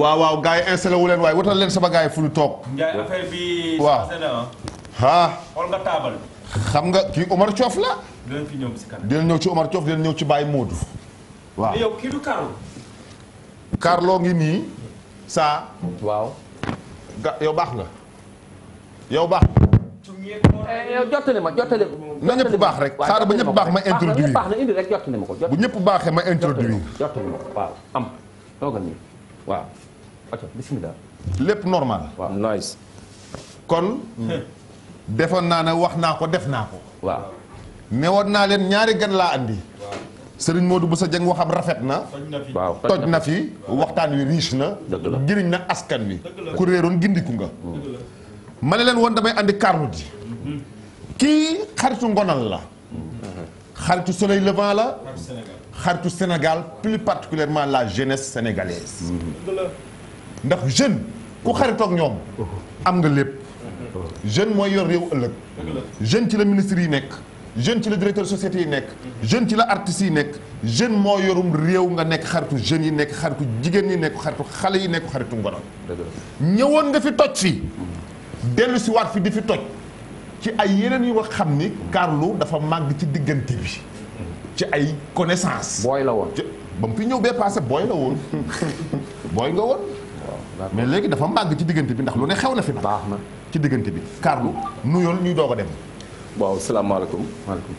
waaw waaw gars yi wu leen waaye wutal leen sama gars fu ñu toog. Ndiaye affaire bi. waaw taabal. xam nga ki Omar Coof la. dinañ ñëw ci Omar Coof dinañ ñëw ci Baye Modou. waa mais yow kii du ngi nii. saa. waaw. ga yow baax nga. yaw baax. nga eh, jottali ma jottali na ñëpp baax rek xaaral ba ñëpp baax ma introduire. bu ñëpp baaxee ma introduire. jottali ma ko waaw toogal nii waaw aco lépp normal waaw kon defoon naa ne wax naa ko def naa ko waaw newoon naa leen ñaari gan laa andi Serigne Modou sa Dieng waxam rafet na toj na fi waxtaan wi riche na njëriñ na askan wi ku réeroon gindiku nga ma ne leen woon damay andi karnut yi mhm. kii xaritu ngonal la mhm. xaritu soleil levant la xaritu Sénégal plus particulièrement la jeunesse sénégalaise ndax jeune ku xaritoog ñoom am nga lépp jeune mooy yor réew ëllëg jeune ci la ministre yi nekk jeune ci la directeur société yi nekk jeune ci la artistes yi nekk jeune moo yorum réew nga nekk xaritu jeunes yi nekk xaritu jigéen yi nekk xaritu xale yi nekk xaritu ngorom ñëwoon nga fi toj fii dellu si waat fi di fi toj ci ay yeneen yu wax xam ni Carlou dafa màgg ci diggante bi ci ay connaissance booy la woon ba mu fi ñëw bee passé booy la woon booy nga woon mais léegi dafa màgg ci diggante bi ndax lu ne xew na fi baax na ci diggante bi Carlou nuyool ñuy doog a dem waaw salaamaaleykum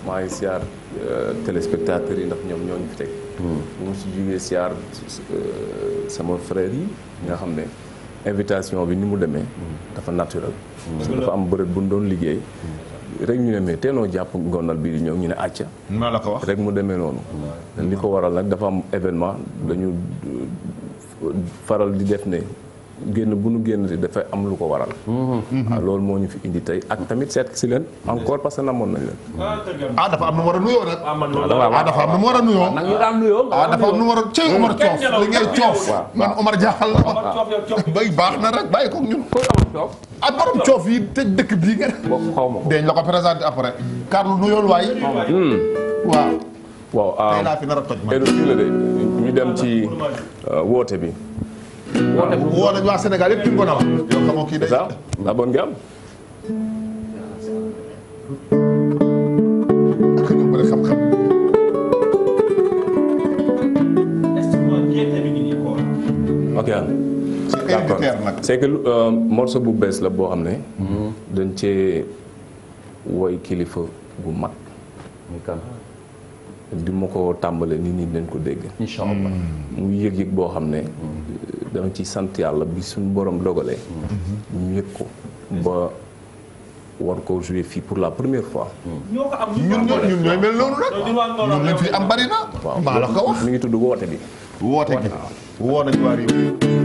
maa ngi siyaar euh, téléspectateurs yi ndax ñoom ñoo ñu fi teg hmm. bu mu si jugee siyaar euh, sama frère yi nga xam ne invitation bi ni mu demee hmm. dafa naturel hmm. dafa am bërëb bu ñu doon liggéey rek ñu ne mais teenoo jàpp ngondal bi di ñëw ñu ne acca naa la ko wax rek mu demee noonu li ko waral nag dafa am événement dañu faral di def ne génn bu nu génn si dafay am lu ko waral. Mm-hmm. Ah, loolu moo ñu fi indi tey ak tamit seet si leen encore parce que namoon nañ leen. ah dafa am nu war a nuyoo nag. ah dafa am nu war a nuyoo. nag ñu ah dafa am nu war a ah, ah, cey Omar Coof li ngay coof. man Omar jaaxal na ma. bay baax na rek bàyyi ko yi te dëkk bii nga. xaw ma ko la ko présenté après. Carlou nuyool waay. Hmm. waaw. waaw tey laa fi nar a toj ma. ñu dem ci euh, woote bi. woote bu woo Sénégal yëpp ñu ko na wax. yow xamoo kii day ça la gamme. ok. d'accord c'est euh, bu bees la boo xam ne. Mhm. dañ cee woy kilifa bu mag. bi ma ko tàmbalee nit ñi dañ ko dégg. incha allah mm. mu yëg-yëg boo xam ne. dama ci sant yàlla bi suñu borom dogalee. Mm-hmm. ñu yëg ko ba. war ko joué fii pour la première fois. ñoo am ñun ñooy mel noonu rek. ñun lañ fi am bari na. maa la ko wax mi ngi tudd woote bi. woote bi woo nañu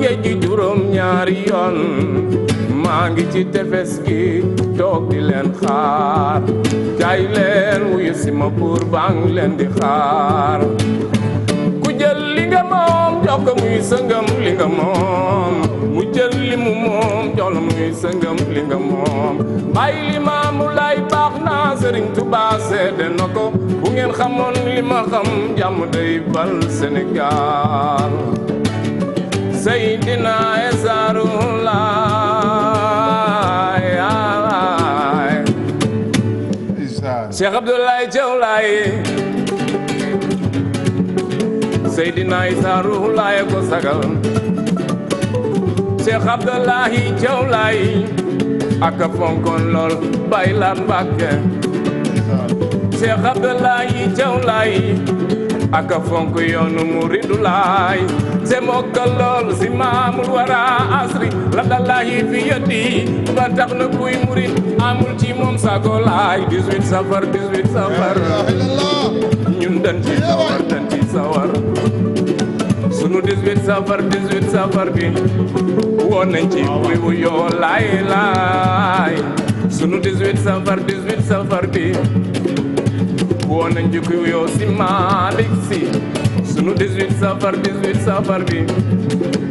géej juróom ñaari yoon maa ngi ci tefes gi toog di leen xaar jaay leen wuyu si ma pour baa leen di xaar ku jël li nga moom jox ko muy sëngam li nga moom mu jël li mu moom jox la muy sëngam li nga moom bàyyi li maamu lay baax naa sëriñ Tuubaa seede na ko bu ngeen xamoon li ma xam jàmm day bal Sénégal seydina Esarulaay Cheikh Abdoulaye Jawlaay seydina Esarulaay ko sagal Cheikh Abdoulaye Jawlaay aka fonkon lool bay la Mbàkke Cheikh Abdoulaye Jawlaay aka fonk yoonu muridulaay se mokkal lool si maamul wara asri la dallahi fi yëddi ba na kuy murit amul ci moom sago laay 18 ñun dañ ci sawar sunu 18 safar safar bi woon nañ ci kuy wu yoo laay laay sunu 18 safar 18 safar bi woon nañ ci kuy wu yoo si Malick si sunu 18 safar 18 safar bi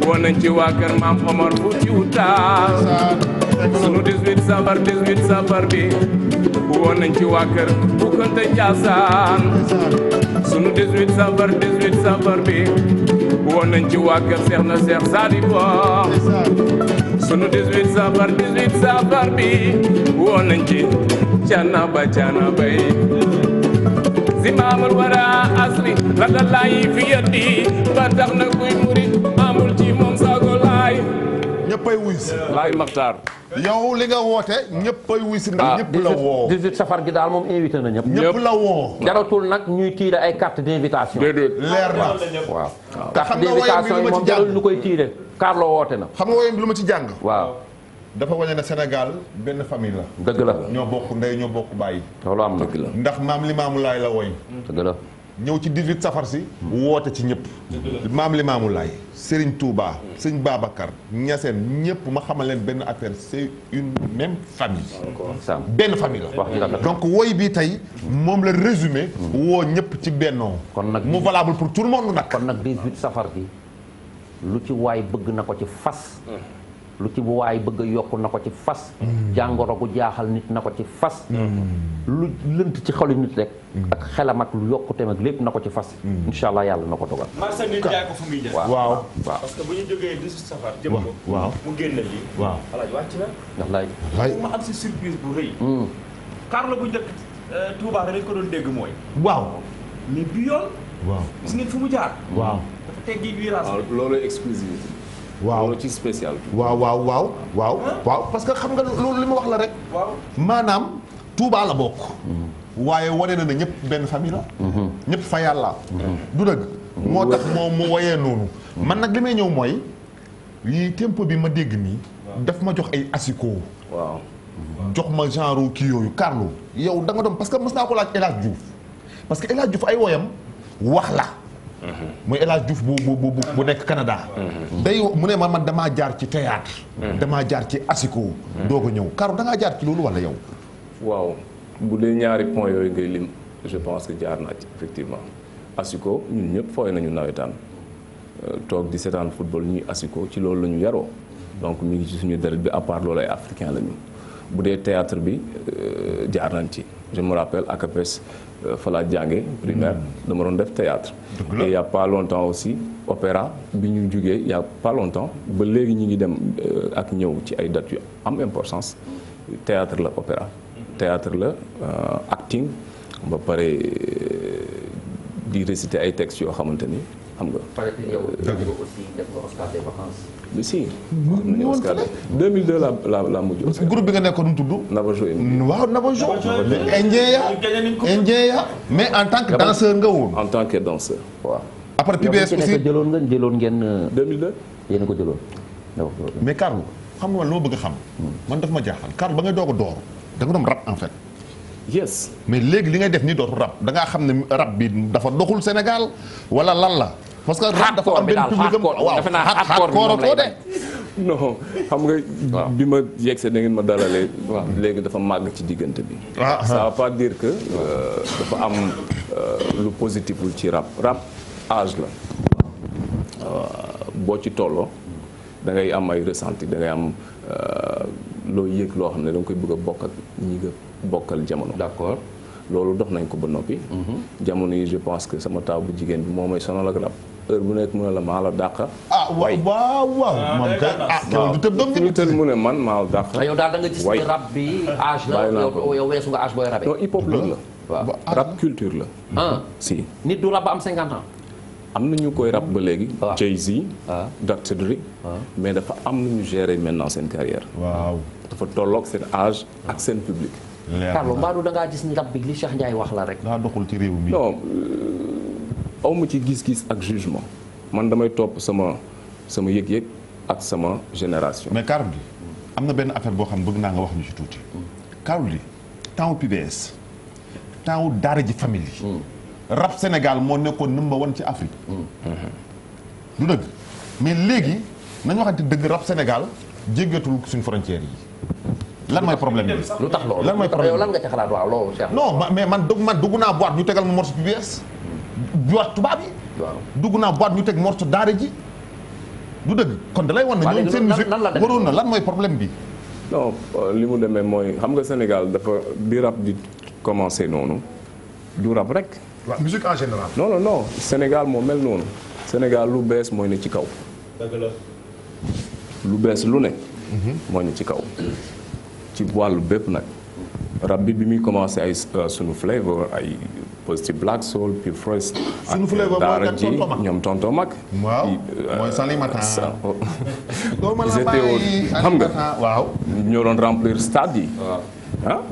woo nañ ci waa kër maam Omar bu ci wutaal sunu 18 safar 18 safar bi woo nañ ci waa kër bu Konte Njaasaan sunu 18 safar 18 safar bi woo nañ ci waa kër Seex na Seex Saalibo sunu 18 safar 18 safar bi woo nañ ci Canaba Canaba yi zimaamul wara asli la da fi yeddi ba tax na kuy murit maamul ci moom sago laay ñëppay wuy si laay maxtaar yow li nga woote ñëppay wuy ndax ah, ñëpp la woo 18 safar gi daal moom invité na ñëpp la woo jaratul nag ñuy tiire ay carte d'invitation leer na waaw carte d'invitation yi moom jarul ñu koy tiire Carlo woote na xam nga woyam bi lu ma ci jàng waaw dafa wane ne Sénégal benn famille la. dëgg la ñoo bokk ndey ñoo bokk bàyyi. loolu am dëgg ndax maam li maamu la woy. dëgg la ñëw ci 18 safar si. woote ci ñëpp. maam li maamu laay Serigne Touba. Sëñ Babacar Niassène ñëpp ma xamal leen benn affaire c'est une même famille. benn famille la. donc woy bi tey moom la résumé. woo ñëpp ci bennoo. kon nag mu valable pour tour le monde nag. kon nag 18 safar bi lu ci waay bëgg na ko ci fas. lu ci waay bëgg yokk na ko ci fas mm. jàngoro gu jaaxal nit na ko ci fas mm. lu lënt ci xolu nit rek mm. ak xelam lu yokkute ak lépp na ko ci fas insha allah yàlla na ko dogal marché nit jaay ko fu muy jël waaw la parce que bu ñu jógee di safar jëm euh, ko doon dégg mooy waaw mais bi yoon waaw ngeen fu mu jaar waaw dafa teggi virage loolu exclusivité waaw ci spécial waaw waaw waaw waaw. waaw parce que xam nga loolu li ma wax la rek. maanaam tuubaa la bokk. Mhm. waaye wane na na ñëpp benn famille la. Mhm. ñëpp fa yàlla. Mhm. du dëgg. moo tax moom mu woyee noonu. man nag li may ñëw mooy lii tempo bi ma dégg nii. daf ma jox ay asiko. waaw jox ma genre kii yooyu Carlou. yow da nga doon parce que mës naa ko laaj El Hadj Diouf parce que El Hadj Diouf ay woyam wax la. muy El Hadj Diouf bu bu bu bu nekk Canada. day mu ne ma man damaa jaar ci théâtre damaa jaar ci asiko. doog a ñëw Karo da ngaa jaar ci loolu wala yow. waaw bu dee ñaari point yooyu ngay lim je pense que jaar naa ci effectivement asiko ñun ñëpp fooy nañu nawetaan euh, toog di seetaan football ñuy asiko ci loolu la ñu yaroo donc mi ngi ci suñu deret bi à part loolu ay africain la bu dee théâtre bi euh, jaar nañ ci je me rappelle ACAPES. Euh, fa laa jànge primaire mm. dama doon def théâtre et il y a longtemps aussi opéra bi ñu jugee y a longtemps ba léegi ñu ngi dem euh, ak ñëw ci ay dates yu am importance théâtre la opéra théâtre la euh, acting ba pare di réciter ay textes yoo xamante ni xam nga. aussi si. ñu woon fële 2002 la la la mujj. parce que groupe bi nga nekkoon nu tudd. waaw Navajo. indien ya mais en tant que danseur nga woon. en tant que danseur waaw. après PBS aussi jëloon ngeen jëloon ngeen. 2002 yéen a ko jëloon. mais Carlou xam nga loo bëgg a xam. Hmm. man daf ma jaaxal Carlou ba nga doog a door da nga doon rap en fait. yes mais léegi li ngay def nii dootu rap da ngaa xam ne rap bi dafa doxul Sénégal wala lan la. parce que rap dafa am benn public am waaw hardcore ko de non xam nga bi ma yegsee da ngeen ma dalalee waaw léegi dafa màgg ci diggante bi ah, ah. ça va pas dire que euh, dafa am euh, lu positif lu ci rap rap âge la euh, boo ci tolloo dangay am ay ressenti da ngay am loo yëg loo xam ne da koy bëgg a bokk ak ñi nga bokkal jamono d'accord loolu dox nañ ko ba noppi. Mhm. jamono yi je pense que sama taaw bu jigéen bi moo may sono ak rab heure bu nekk mu la maa la dàqa. ah waaw waaw ah, man kay ah mu man maa la dàqa. Ah, yow daal da nga gis ne rab bi âge waaw culture la. ah si. nit du rab ba am 50 ans. am na ñu koy rab ba léegi. waaw ah. Jay-Z. waaw Dr Dre mais dafa am lu ñu gérer maintenant seen carrière. dafa tolloog seen âge ak seen public. Carlo Mbadou da ngaa gis ni rab bi li Cheikh Ndiaye wax la rek. daa doxul ci réew mi. non euh, awma ci gis-gis ak jugement man damay topp sama sama yëg-yëg ak sama génération. mais Carlo li am na benn affaire boo xam ne bëgg naa nga wax ñu ci tuuti. Carlo li temps PBS temps daara ji famille yi. Mm. rab Sénégal moo nekkoon number one ci Afrique. Mm. Mm-hmm. du dëgg mais léegi nañu waxante dëgg rab Sénégal jéggatul suñu frontières yi. lan mooy problème bi lu tax loolu lan mooy problème lan nga ci xalaat waaw loolu mais man dugg man dugg naa boîte ñu tegal ma morceau bu hmm. bees tubaab yi dugg naa boîte ñu teg morceau daara ji dëgg kon da lay wan waroon na lan mooy problème bi non euh, li mu demee mooy xam nga Sénégal dafa bi rap di commencé noonu du rap rek waaw musique en général Sénégal moo mel noonu Sénégal lu bees mooy ne ci kaw lu bees lu ne mhm. moo ñu ci kaw ci wàllu bépp nag rab bi bi muy commencé ay euh, sunu flavor ay positive black soul pure fresh. sunu flavor daara ji ñoom tonton mag. waaw mooy euh, Saly Matin. xam nga waaw. ñoo doon remplir stade yi. ah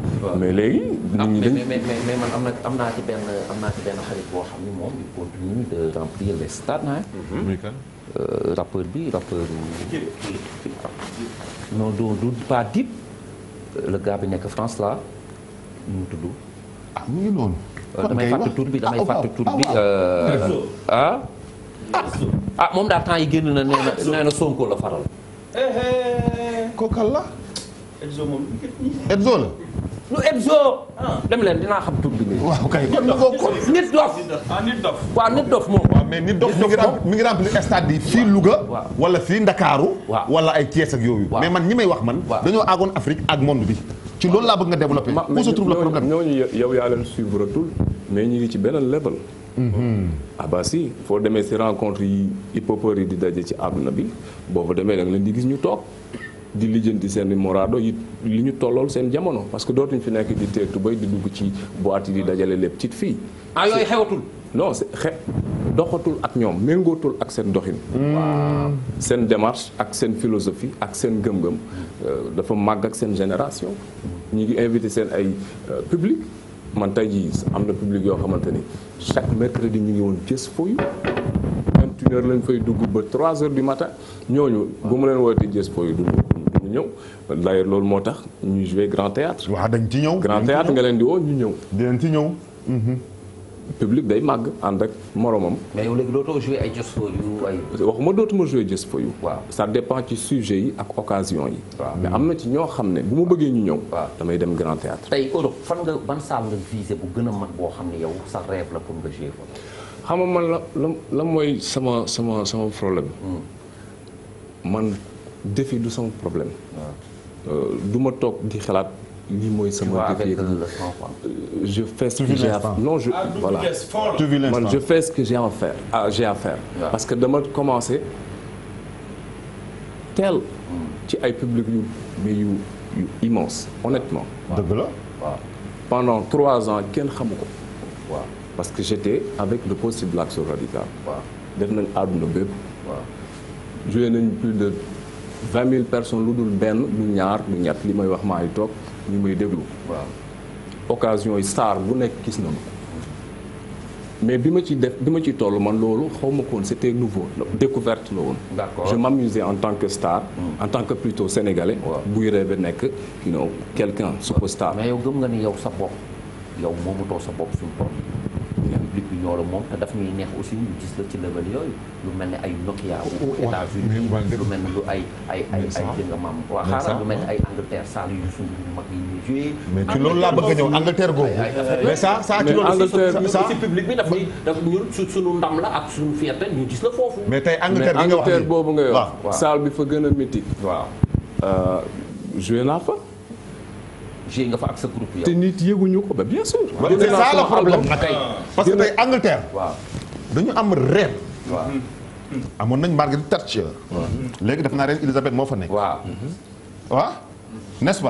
mais léegi. Ah, nit ñi dañ mais mais man am na am naa ci benn am naa ci benn xarit boo xam ni moom il continue de remplir les stades ah. muy kan. Euh, rappeur bi rappeur. non du du pas Dip. le gars bi nekk France là mu tudd. ah mu ngi noonu. Euh, damay fàtte tur bi damay ah, fàtte tur ah, euh, ah? ah moom daal temps yi génn na nee na nee na Sonko la faral. Eh, eh, eh. kookal la. Edzo la. lu Edzo. dem leen dinaa xam tur bi. waaw kay kon nit dof moom. mais nit dof mi ngi mi ngi remplir stade yi fii Louga wala fii Ndakaaru wala ay Thiès ak yooyu mais man ñi may wax man dañoo àggoon Afrique ak monde bi ci loolu laa bëgg nga développer où se trouve le problème ñooñu yow yaa leen suivre tout mais ñu ngi ci beneen level mm-hmm. ah si foo demee si rencontre yi hip yi di daje ci àdduna bi boo fa demee da nga leen di gis ñu toog di lijjanti seen moraado yi li ñu tollool seen jamono parce que dootuñ fi nekk di teeg tubéy di dugg ci boîte yi di lépp ci fii ah yooyu non c'est xe doxatul ak ñoom méngootul ak seen doxin. Hmm. waaw seen démarche ak seen philosophie ak seen gëm-gëm euh, dafa màgg ak seen génération ñu ngi invité seen ay euh, public man tey jii am na public yoo xamante ni chaque mercredi ñu ngi woon jës fooyu vingt une lañ fay dugg ba trois heures du matin ñooñu bu mu leen wootee jës fooyu du ñëw d'ailleurs loolu moo tax ñu joué grand théâtre waaw dañ ci ñëw grand théâtre nga leen di woo ñu ñëw. dinañ ci ñëw. public day màgg ànd ak moromam. mais yow léegi dootoo joué ay just for you ay. waxuma dootuma joué just for you. waaw ça dépend ci sujet yi ak occasion yi. mais am na ci ñoo xam ne bu ma bëggee ñu ñëw. damay dem grand théâtre tey Europe fan nga ban salle nga visé bu gën a mag boo xam ne yow sa rêve la pour nga joué fa. xam nga man la la la mooy sama sama sama problème. Hmm. man défi du sama problème. Euh, du ma toog di xalaat. lii mooy sama défi je fais ce que j'ai je voilà je fais que parce que dama commencé teel ci ay public yu mais immense honnêtement pendant trois ans kenn xamu ko parce que j'étais avec le poste de l'action radicale waaw def nañ àdduna bépp waaw joué nañ plus mille personnes lu dul benn lu ñaar lu ñett li may wax maa ngi ñu may déglu. waaw occasion yi star bu nekk gis na ma mais bi ma ci def bi ma ci toll man loolu xaw ma ko woon c'était nouveau découverte la woon. d'accord je m'amusais en tant que star. Hmm. en tant que plutôt sénégalais. buy rêve nekk you know quelqu'un superstar. mais yow gëm nga ni yow sa bopp yow moomu too sa bopp suñu bopp. loolu moom te daf ñuy neex aussi ñu gis la ci level yooyu lu mel ne ay Nokia ou États-Unis lu mel ne lu ay ay ay ay jënga maam waa xaaral lu mel ne ay Angleterre saal yu suñu mag yi a boobu nga yor saal bi fa gën a mythique waaw euh, joué naa fa joué nga fa ak sa groupe yow. te nit yëguñu ko ba bien sûr. c'est ça le problème nag tey parce que tey Angleterre. waaw dañu am reine. amoon nañ Margaret Thatcher. léegi def naa reine Elisabeth moo fa ne waaw. waaw nest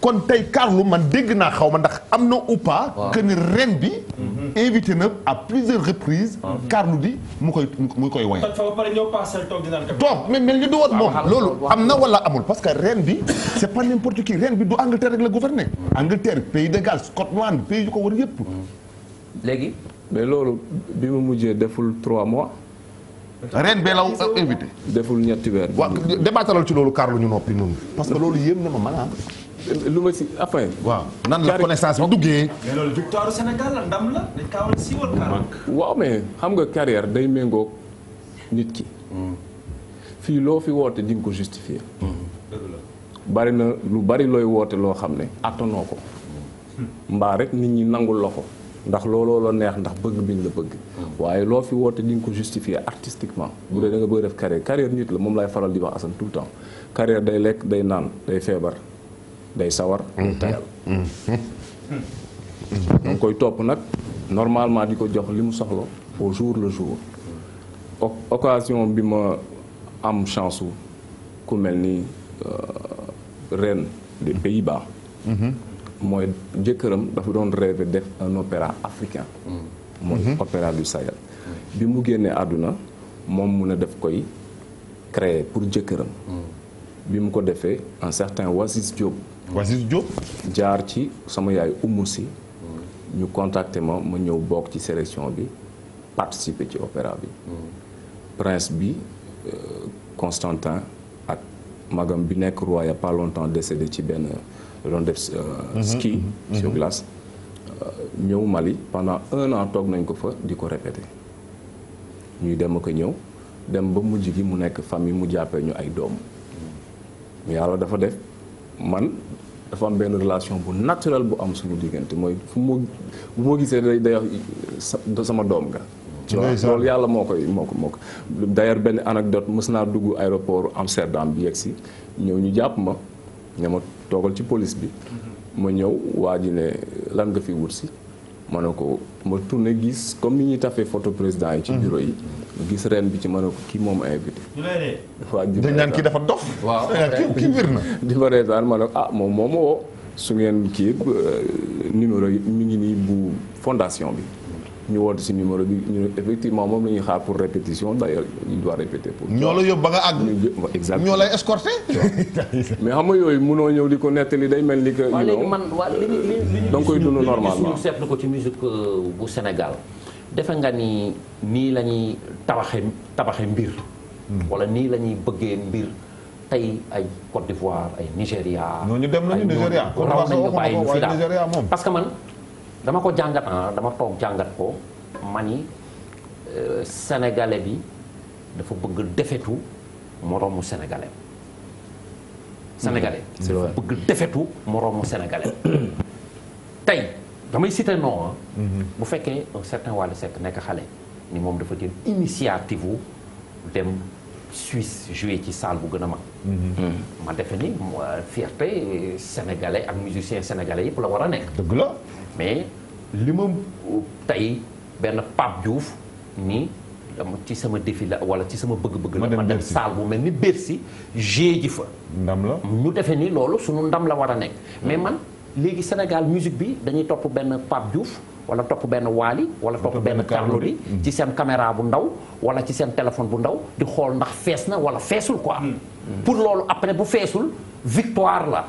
kon tey Carlou man dégg naa xaw ma ndax am na ou pas. que ni ren bi. Mhm. invité na à plusieurs reprises. Ah, Carlou bi mu koy mu koy woy. toog mais mel ni du woon moom. loolu am na wala amul parce que ren bi c' est pas n' importe ren bi du Angleterre rek la gouverner. Mm. Angleterre pays de Galles Scotland pays yu ko war yëpp. Mm. léegi. mais loolu bi mu mujjee deful trois mois. ren bee law invité. deful ñetti weer. waaw débattalal ci loolu Carlou ñu noppi noonu. parce que loolu yéem na ma maanaam. lu ma si après. waaw nan la connaissance bi duggee. mais xam nga carrière day méngóog nit ki. Hmm. fii loo fi woote di nga ko justifier. Hmm. bari na lu bari looy woote loo xam ne attanoo ko. Hmm. mbaa rek nit ñi nangul la ko. ndax looloo la neex ndax bëgg biñ la bëgg. waaye loo fi woote di nga ko justifier artistiquement. bu dee da nga bëgg def carrière carrière nit la moom lay faral di wax asan tout le temps carrière day lekk day naan day feebar. day sawar du mm-hmm. tayal mm-hmm. Mm-hmm. koy topp nag normalement di ko jox li mu soxla au jour le jour occasion bi ma am chance ku mel ni euh, reine des Pays-Bas mooy jëkkëram dafa doon rêvé def un opéra africain mooy opéra du Sahel bi mu génnee àdduna moom mu a def koy créer pour jëkkëram bi mu ko defee un certain Wasis Diop Waziz Diop. jaar ci sama yaay umu si. ñu contacté ma ma ñëw bokk ci sélection bi participer ci opéra bi. prince bi euh, Constantin ak magam bi nekk roi il y a pas longtemps décédé ci benn doon euh, def. Euh, mhm. ski mhm. Mhm. sur glace. ñëw Mali pendant un an toog nañ ko fa di ko répété ñuy dem ko ñëw dem ba mujj gi mu nekk famille mu jàppee ñu ay doom yàlla dafa def. man dafa benn relation bu naturel bu am suñu diggante mooy fu mu bu ma gisee day day sama doom nga ci loolu yàlla moo koy moo ko moo ko d'ailleurs benn anecdote mës naa dugg aéroport Amsterdam bi si ñëw ñu jàpp ma ne ma toogal ci police bi mhm. ma ñëw waa ji ne lan nga fi wut si ma ne ko ma tourné gis comme ni ñuy tafee photo président yi ci mhm. bureau yi gis ren bi ci mane ko kii moom invité waa dañ naan kii dafa dof waaw kii wér na di ma reetaan ko ah moom mooma woo su ngeen kii euh, numéro yi mu ngi nii bu fondation bi ñu woote si numéro bi ñu effectivement moom la xaar pour répétition d'ailleurs il doit répéter pour. ñoo la yóbbu nga àgg. ñoo lay escorté. mais xam nga yooyu mënoo ñëw di ko nettali day mel ni que. waaw léegi man waaw li ñu li ñu. da nga koy dund normalement euh, bu Sénégal. defe nga ni nii la ñuy tabaxee tabaxee mbir. Hmm. wala nii la ñuy bëggee mbir. tey ay Côte d'Ivoire ay Nigéria. ñooñu dem nañu Nigéria. raw man. dama ko jàngat ah dama toog jàngat ko ma ni euh, sénégalais bi dafa bëgg defetu moroomu sénégalais. sénégalais mm, bëgg defetu moroomu sénégalais. tey damay cité non ah. mm-hmm. bu fekkee un certain Wally Seck nekk xale ni moom dafa jël initiative wu dem Suisse joué ci salle bu gën a mag. Mm-hmm. ma defe ni fierté euh, sénégalais ak musicien sénégalais yëpp la war a nekk. dëgg mais li ma tey benn Pape Diouf ni ci sama défi la wala ci sama bëgg-bëgg la ma dem saal bu mel ni Bercy gée ji fa ndam la ñu defee ni loolu suñu ndam la war a nekk mais man léegi Sénégal musique bi dañuy topp benn Pape Diouf wala topp benn Waali wala topp benn Carlou D ci seen caméra bu ndaw wala ci seen téléphone bu ndaw di xool ndax fees na wala feesul quoi hmm. pour loolu après bu feesul victoire la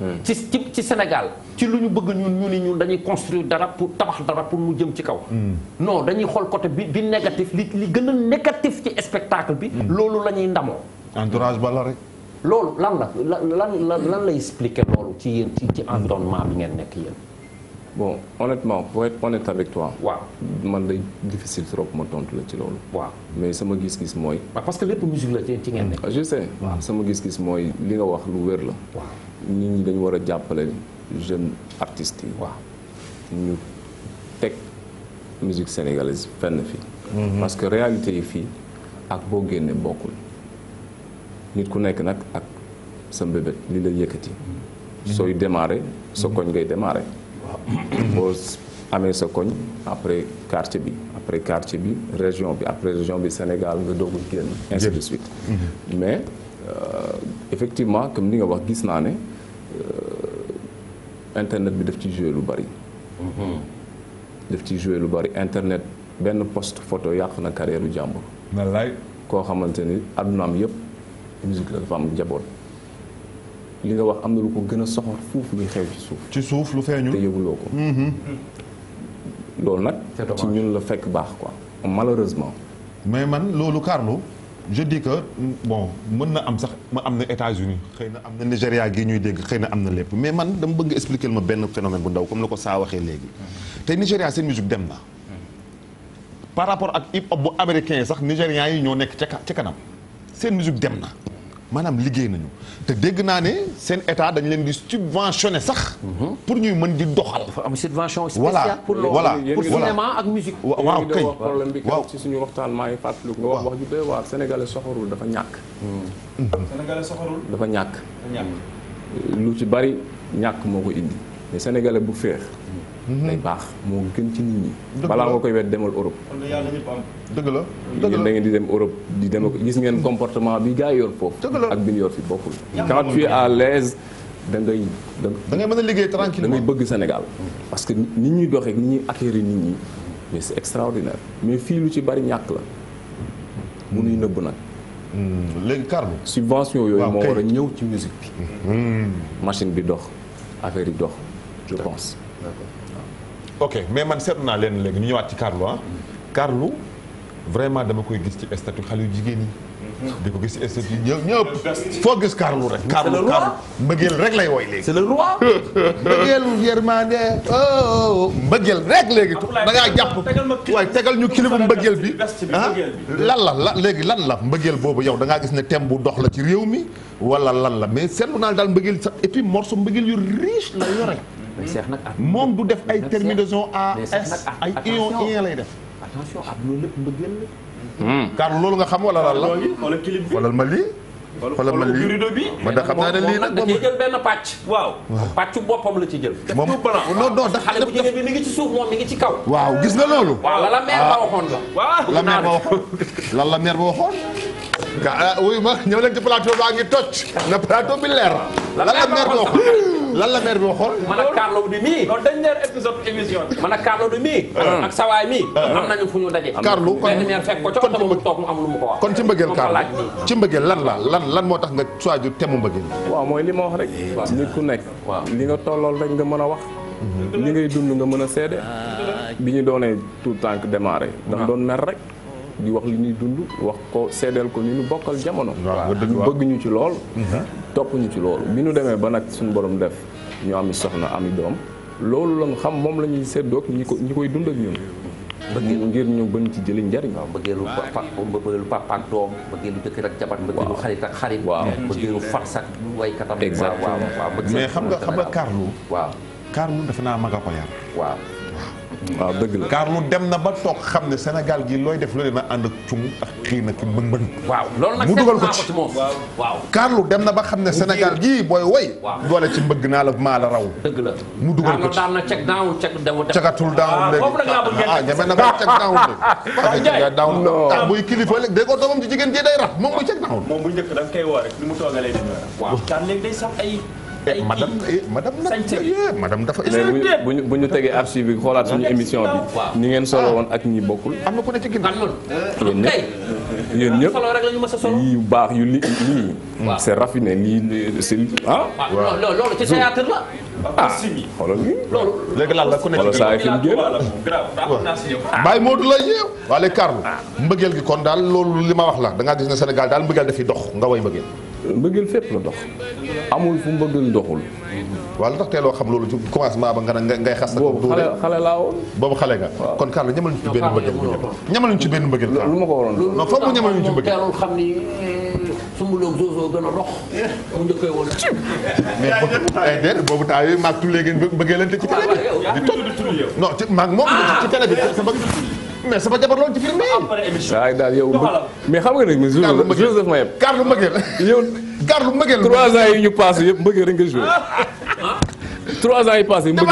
Hmm. ci ci ci Sénégal ci lu ñu bëgg ñun ñu ni ñun dañuy construire dara pour tabax dara pour mu jëm ci kaw. Hmm. no dañuy xool côté bi bi négatif li li gën a négatif ci spectacle bi. Hmm. loolu la ñuy ndamoo. entourage ba la rek. loolu lan la lan lan lan lay expliquer loolu ci yéen ci ci environnement bi ngeen nekk yéen. bon honnêtement pour être honnête avec toi. man day difficile trop ma tontu la ci loolu. waaw mais sama gis-gis mooy. waaw parce que lépp musique la ci ngeen nekk. Ah, je sais sama gis-gis mooy li nga wax lu wér la. waaw nit ñi dañu war a jàppale jeunes artistes yi. waaw ñu teg musique sénégalaise fenn fii. Mhm. parce que réalité yi fii ak boo génnee bokkul nit ku nekk nag ak sa mbébét li lay yëkkati. Mhm. sooy démarré sa mhm. koñ ngay démarré. boo amee sa koñ après quartier bi après quartier bi région bi après région bi Sénégal nga doog a génn de suite mhm. mais euh, effectivement comme ni nga wax gis naa ne euh, internet bi def ci joué lu bari mhm. def ci joué lu bari internet benn post photo yàq na carrière u jàmbur wallaay koo xamante ni addunaam yëpp musique la dafa am njaboot li nga wax am na lu ko gën a soxor fuuf luy xew ci suuf. ci suuf lu feeñu te yëguloo ko. Mm-hmm. loolu nag. ci ñun la fekk baax ko malheureusement. mais man loolu Carlou je dis que bon mën na am sax ma am na États-Unis xëy na am na Nigéria gi ñuy dégg xëy na am na lépp mais man dama bëgg expliquer ma benn phénomène bu ndaw comme la ko saawaxee léegi. te Nigéria seen musique dem na. par rapport ak hip hop bu américain sax Nigérians yi ñoo nekk ca kanam seen musique dem na. maanaam liggéey nañu te dégg naa ne seen état dañu leen di subventionné sax. Mhm. pour ñuy mën di doxal. dafa am subvention spéciale. pour loolu pour cinéma ak musique. waaw kay waaw problème bi ci suñu waxtaan maa ngi fàttaliku. nga wax wax ju doy waar sénégalais soxorul dafa ñàkk. Hmm. Hmm. sénégalais soxorul dafa ñàkk. lu ci bari ñàkk moo ko indi mais sénégalais bu féex. Hmm. Mhm. day baax moo gën ci nit ñi. balaa nga koy wet demal Europe. dëgg la dëgg la da ngeen di dem Europe di dem ko gis ngeen comportement bi gars yor foofu. ak bi ñu yor fi bokkul. quand tu à l'aise da ngay da ngay mën liggéey tranquillement da ngay bëgg Sénégal. parce que nit ñuy doxee ni ñuy acquérir nit ñi mais c'est extraordinaire mais fii lu ci bari ñàkk la munuy nëbb nag. Hmm, léegi Carlou. subvention yooyu moo war a ñëw ci musique bi. Hmm. machine bi dox affaire yi dox je ok mais man seetlu naa leen léegi ñu ñëwaat ci Carlou ah. Carlou vraiment dama koy gis ci statut xale yu jigéen ñi. Mhm. di ko gis ci statut ñëpp ñëpp. foo gis Carlou rek. Carlou Carlou mbëggeel rek lay woy léegi. c'est le roi. mbëggeelu yërmande oh mbëggeel rek léegi. da jàpp waaye tegal ñu kilifu ah? mbëggeel bi. ah lan la la léegi lan la mbëggeel boobu yow da ngaa gis ne thème bu dox la ci réew mi. wala lan la mais seetlu naa daal mbëggeel sa et puis morceau mbëggeel yu riche la yore. moom du def ay a AS ay ion ion lay def. attention ak loolu lépp mbëggeel la. car hmm. loolu nga xam wala lan la wala clip bi wala ma ma lii man a xam naa ne lii nag da cee la ci jël. moom non non dafa xale bu jigéen bi mi ngi ci suuf moom mi ngi ci kaw. waaw gis nga loolu. waaw la la mère ba waxoon la. waaw la mère ba waxoon lan a mère ba waxoon. ah oui ma ñëw leen ci plateau baa ngi toj. na plateau bi leer. la la mère ba waxoon. lan la maire bi waxoon. man ak Carlo di mii. loolu dernier épisode émission bi. man ak Carlo di mii. Ah. ak sawaay mii. Ah. am nañu fu ñu daje. Carlo kon fekk ko coono mu toog mu am lu mu ko wax. kon ci mbëggeel Carlo ci mbëggeel lan la lan lan moo tax nga choisir thème mu mbëggeel. waaw mooy li ma wax rek. nit ku nekk. li nga tollool rek nga mën a wax. Mm-hmm. li ngay dund nga mën a seede. Ah. bi ñu doonee tout le temps démarré. ndax doon mer rek. di wax li ñuy dund wax ko seedeel ko ni ñu bokkal jamono. waaw bëgg ñu ci lool. Mhm. topp ñu ci loolu bi ñu demee ba nag suñu borom def ñu ami soxna ami doom loolu lañu xam moom la ñuy séddoog ñi ko ñi koy dund ak ñun. bëggeelu ngir ñu bën ci jëli njariñ waaw bëggeelu papa bëggeelu papa ak doom bëggeelu jëkkër ak jabar bëggeelu xarit ak xarit waaw bëggeelu fars ak waykatam exactement mais xam nga xam nga Carlou waaw Carlou defe naa mag a ko yar waaw dëgg la dem na ba toog xam ne senegal gi looy def loolee na ànd ak cung ak xii na ki waaw loolu nag mu dugal ko ci moom waaw dem na ba xam ne senegal gii booy woy doole ci mbëgg naa la maa la raw dëgg la mu dugal ko ci daan na ceg daaw ceg cagatul daaw ah, léegi ah ñeme na ko ceg daaw léegi daaw kilifa léegi dégg ko doomam ci jigéen ji day raf moom muy ceg daaw moom bu njëkk da nga koy te madame eh, madame nag eh, eh, madame dafa. bu bu ñu tegee archive bi xoolaat suñu émission bi. ñi ngeen solo ah. woon ak ñii bokkul. am na ku ne ci ginnaaw. yéen ñëpp yéen yu baax yu li lii. c'est raffiné lii c'est ah. waaw loolu ci théâtre la. ah xoolal lii. loolu léegi lan la ku ne ci ginnaaw ah. ah. mbëggeel gi kon daal loolu li ma wax la da ngaa gis ne Sénégal daal mbëggeel dafiy dox nga way mbëggeel mbëggeel fépp la dox amul fu mbëggeel doxul. waaw lu tax teeloo xam loolu ci commencement ba nga ne ngay xas. boobu xale xale laa woon boobu xale nga. kon Karla ñamal ñu ci benn mbëggeel bu ñëw. ci benn mbëggeel. lu ma ko waroon loolu moom foofu ñamal ñu ci mbëggeel teelul xam ni eh, sumbuloo zozo a mais boobu ay eh, déet boobu temps yii maag tullee ngeen bëggeelante ci télé bi. di toog non ci maag bi mais sama jabar loolu ci filmé. après ah, émission waaye daal yow. mais xam nga nag Zouzou daf ma yem. Karlu Mbëggeel yow. Karlu Mbëggeel trois ans yi ñu passé yëpp Mbëggeel rek nga joué. Ah. trois ans yi passé mbëgg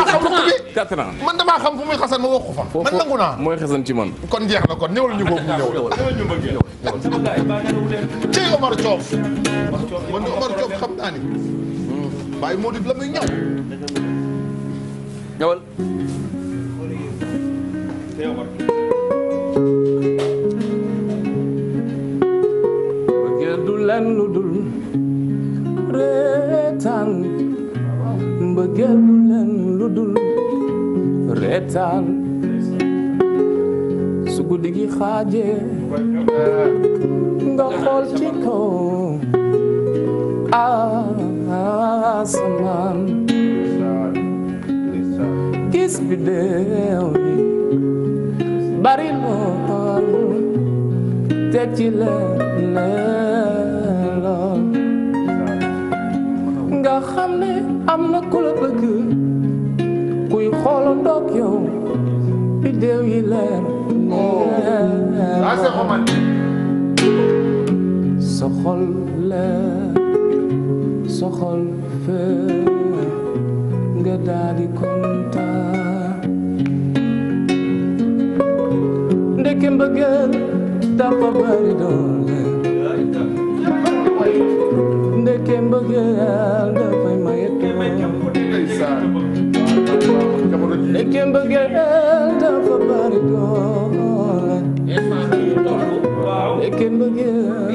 quatre ans man damaa xam fu muy xasan ma wax ko fa man nangu naa mooy xasan ci man kon jeex na kon ñëwal ñu ko mu ñëwal ñu bëgg ñëw ci Omar Diouf man Omar Diouf xam naa ni bàyyi moo di la muy ñëw ñëwal bëggeel du leen lu dul reetaan bëggeel du leen lu gi xaajee nga xool ci kaw gis bi deew yi bari lool teg ci la nga xam ne am na ku la bëgg kuy xooloo ndoog yow biddew yi leer soxol leer soxol fër nga daal di mbëggeel dafa bari doole ndeke mbëggeel dafay maye doole ndeke mbëggeel dafa bari doole ndeke mbëggeel.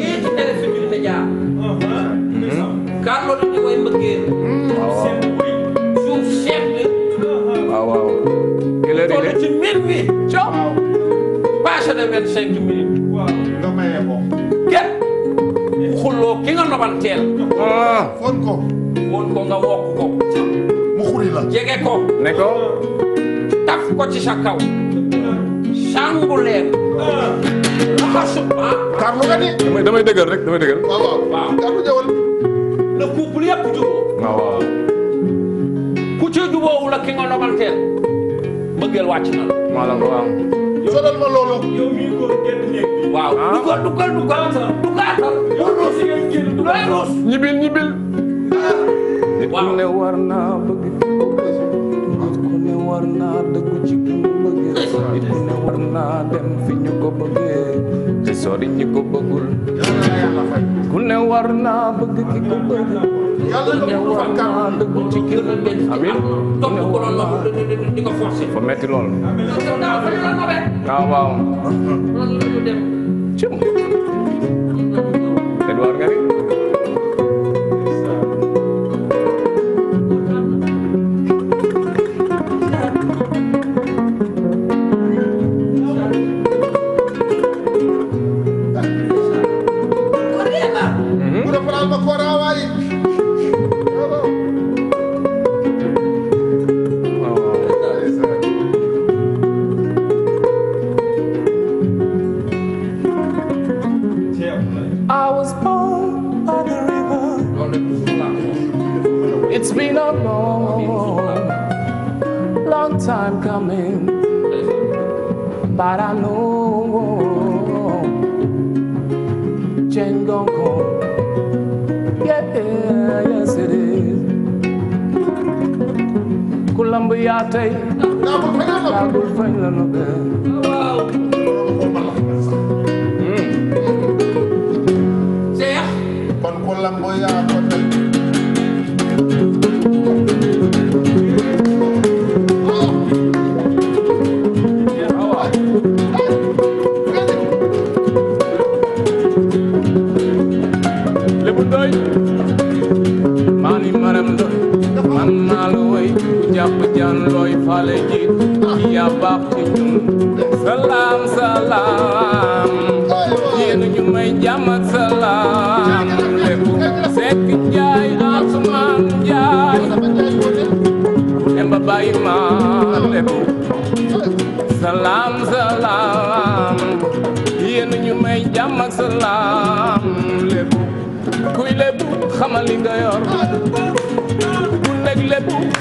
Carlou D di woy mbëggeel. vingt cinq minutes. waaw nga maye ko. kenn xulloo ki nga nobanteel. Ah. foon ko. woon ko nga wokk ko. mu xuri la. jege ko. ne ko. taf ko ci sa kaw. sangu leen. laxasu ah. Carlou nga ni. damay damay dëgër rek damay dëgër. waaw waaw waaw Carlou jawal. le couple yëpp juboo. waaw waaw. ku ci juboowu la ki nga nobanteel. mbëggeel wàcc na la. maanaam waaw. solal ma loolu. waaw ah. dugal dugal dugal dugaatal ruus dugal ruus ñibil ñibil nit ku ne war naa bëgg nit ku ne war naa dëggu ci ki mu bëggee nit ku ne war naa dem fi ñu ko bëggee te sori ñi ko bëggul ku ne war naa bëgg ki ko bëgg ku ne war naa dëggu ci ki mu bëggee amiin topp ko loolu loolu di ko forcé. fa metti lool. waaw ah, waaw. loolu la ñu dem.